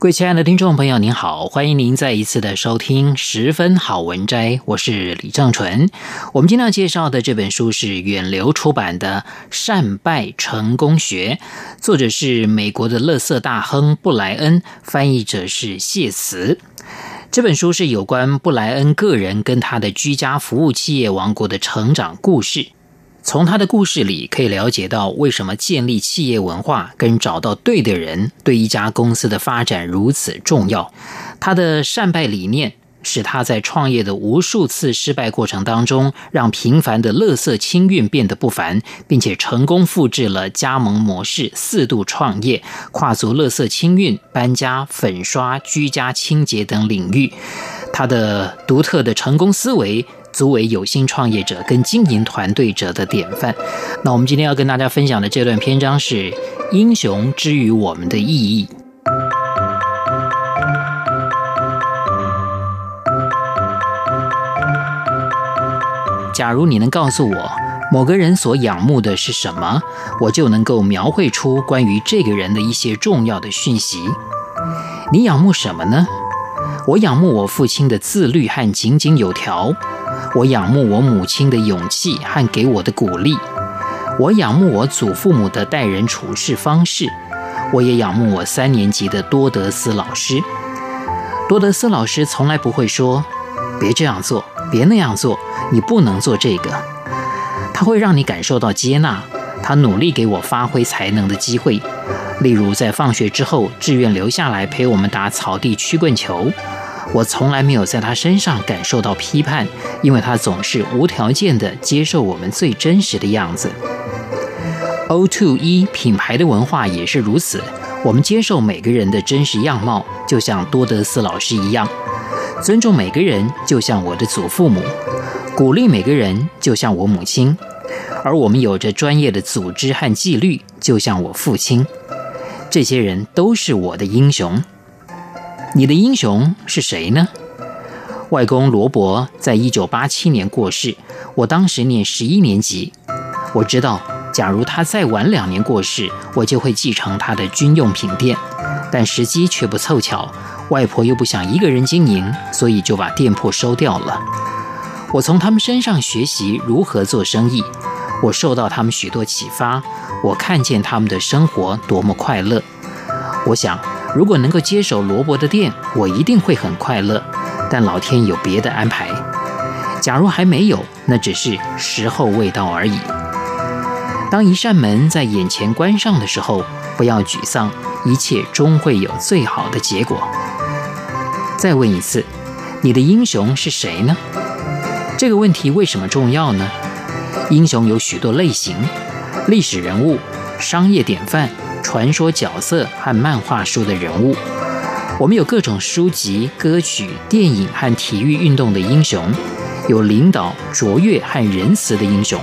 各位親愛的聽眾朋友，您好，歡迎您再一次的收聽十分好文摘，我是李正淳。我們今天要介紹的這本書是遠流出版的《善敗成功學》，作者是美國的垃圾大亨布萊恩，翻譯者是謝慈。這本書是有關布萊恩個人跟他的居家服務企業王國的成長故事。從他的故事裡可以了解到，為什麼建立企業文化跟找到對的人對一家公司的發展如此重要。他的善敗理念使他在創業的無數次失敗過程當中，讓平凡的垃圾清運變得不凡，並且成功複製了加盟模式，四度創業，跨足垃圾清運、搬家、粉刷、居家清潔等領域。他的獨特的成功思維。足為有心創業者跟經營團隊者的典範，那我們今天要跟大家分享的這段篇章是《英雄之於我們的意義》。假如你能告訴我某個人所仰慕的是什麼，我就能夠描繪出關於這個人的一些重要的訊息。你仰慕什麼呢？我仰慕我父親的自律和井井有條。我仰慕我母親的勇氣和給我的鼓勵，我仰慕我祖父母的待人處事方式，我也仰慕我三年級的多德斯老師。多德斯老師從來不會說“別這樣做，別那樣做，你不能做這個”，他會讓你感受到接納，他努力給我發揮才能的機會，例如在放學之後，志願留下來陪我們打草地曲棍球。我從來沒有在他身上感受到批判，因為他總是無條件地接受我們最真實的樣子。O2E 品牌的文化也是如此，我們接受每個人的真實樣貌，就像多德斯老師一樣，尊重每個人，就像我的祖父母，鼓勵每個人，就像我母親，而我們有着專業的組織和紀律，就像我父親。這些人都是我的英雄。你的英雄是誰呢？外公羅伯在一九八七年過世，我當時念十一年級。我知道，假如他再晚兩年過世，我就會繼承他的軍用品店，但時機卻不湊巧。外婆又不想一個人經營，所以就把店鋪收掉了。我從他們身上學習如何做生意，我受到他們許多啟發，我看見他們的生活多麼快樂。我想，如果能夠接手羅伯的店，我一定會很快樂。但老天有別的安排。假如還沒有，那只是時候未到而已。當一扇門在眼前關上的時候，不要沮喪，一切終會有最好的結果。再問一次，你的英雄是誰呢？這個問題為什麼重要呢？英雄有許多類型：歷史人物、商業典範。傳說角色和漫畫書的人物，我們有各種書籍、歌曲、電影和體育運動的英雄，有領導、卓越和仁慈的英雄。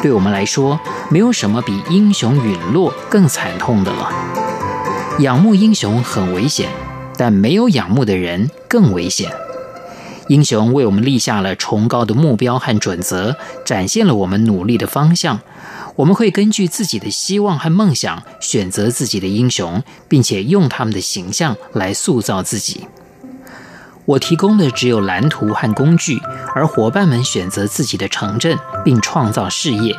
對我們來說，沒有什麼比英雄隕落更慘痛的了。仰慕英雄很危險，但沒有仰慕的人更危險。英雄為我們立下了崇高的目標和準則，展現了我們努力的方向。我們會根據自己的希望和夢想選擇自己的英雄，並且用他們的形象來塑造自己。我提供的只有藍圖和工具，而伙伴們選擇自己的城鎮並創造事業。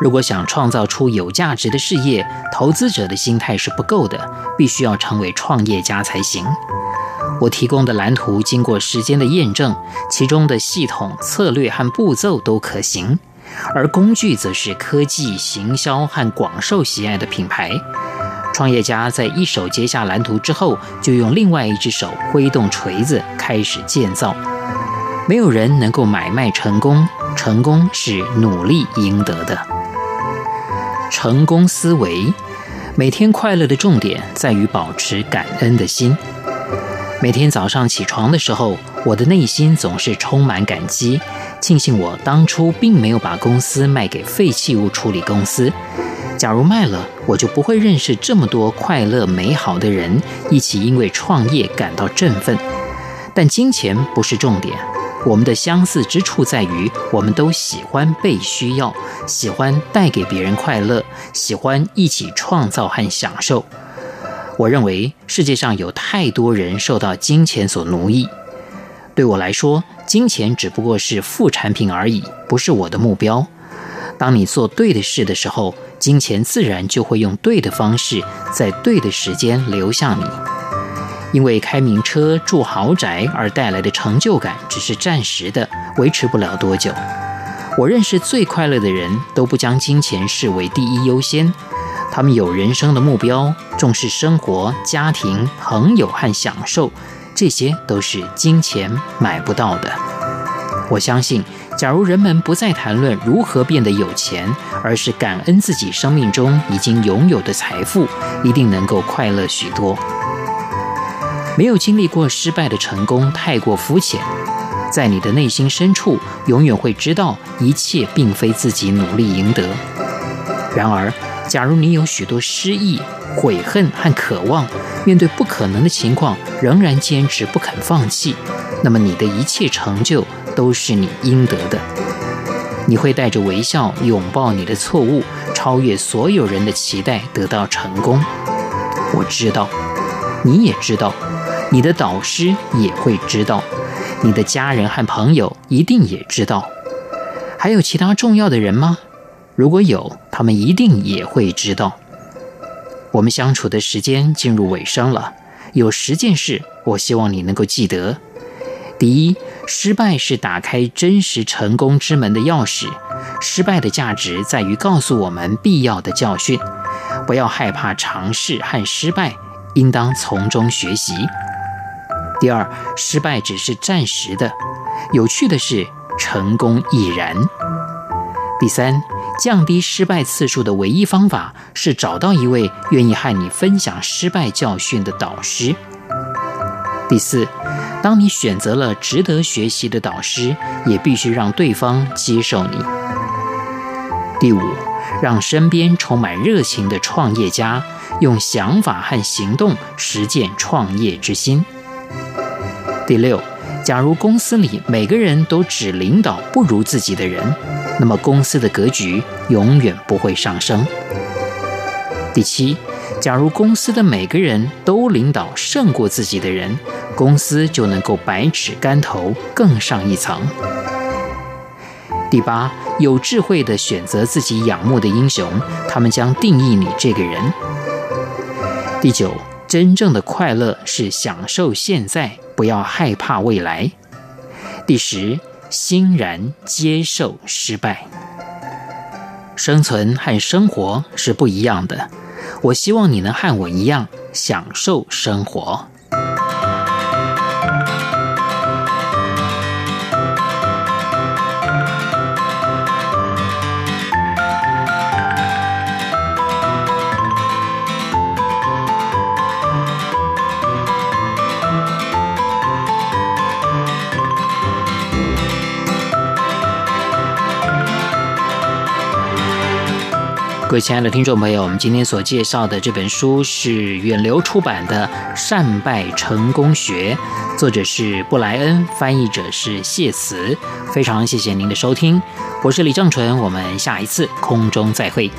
如果想創造出有價值的事業，投資者的心態是不夠的，必須要成為創業家才行。我提供的藍圖經過時間的驗證，其中的系統、策略和步驟都可行。而工具則是科技行銷和廣受喜愛的品牌。創業家在一手接下藍圖之後，就用另外一隻手揮動錘子開始建造。沒有人能夠買賣成功，成功是努力贏得的。成功思維，每天快樂的重點在於保持感恩的心。每天早上起床的時候，我的內心總是充滿感激，慶幸我當初並沒有把公司賣給廢棄物處理公司。假如賣了，我就不會認識這麼多快樂美好的人，一起因為創業感到振奮。但金錢不是重點，我們的相似之處在於，我們都喜歡被需要，喜歡帶給別人快樂，喜歡一起創造和享受。我認為世界上有太多人受到金錢所奴役。對我來說，金錢只不過是副產品而已，不是我的目標。當你做對的事的時候，金錢自然就會用對的方式，在對的時間流向你。因為開名車、住豪宅而帶來的成就感，只是暫時的，維持不了多久。我認識最快樂的人都不將金錢視為第一優先，他們有人生的目標，重視生活、家庭、朋友和享受。這些都是金錢買不到的。我相信，假如人們不再談論如何變得有錢，而是感恩自己生命中已經擁有的財富，一定能夠快樂許多。沒有經歷過失敗的成功太過膚淺，在你的內心深處永遠會知道一切並非自己努力贏得。然而，假如你有許多失意、悔恨和渴望，面對不可能的情況，仍然堅持不肯放棄，那麼你的一切成就都是你應得的。你會帶着微笑擁抱你的錯誤，超越所有人的期待，得到成功。我知道，你也知道，你的導師也會知道，你的家人和朋友一定也知道。還有其他重要的人嗎？如果有，他們一定也會知道。我們相處的時間進入尾聲了，有十件事我希望你能夠記得。第一，失敗是打開真實成功之門的鑰匙，失敗的價值在於告訴我們必要的教訓，不要害怕嘗試和失敗，應當從中學習。第二，失敗只是暫時的，有趣的是，成功亦然。第三，降低失敗次數的唯一方法是找到一位願意和你分享失敗教訓的導師。第四，當你選擇了值得學習的導師，也必須讓對方接受你。第五，讓身邊充滿熱情的創業家用想法和行動實踐創業之心。第六，假如公司裡每個人都只領導不如自己的人。那麼公司的格局永遠不會上升。第七，假如公司的每個人都領導勝過自己的人，公司就能夠百尺竿頭更上一層。第八，有智慧地選擇自己仰慕的英雄，他們將定義你這個人。第九，真正的快樂是享受現在，不要害怕未來。第十。欣然接受失敗。生存和生活是不一樣的。我希望你能和我一樣享受生活。各位親愛的聽眾朋友，我們今天所介紹的這本書是遠流出版的《善敗成功學》，作者是布萊恩，翻譯者是謝慈。非常謝謝您的收聽，我是李正淳，我們下一次空中再會。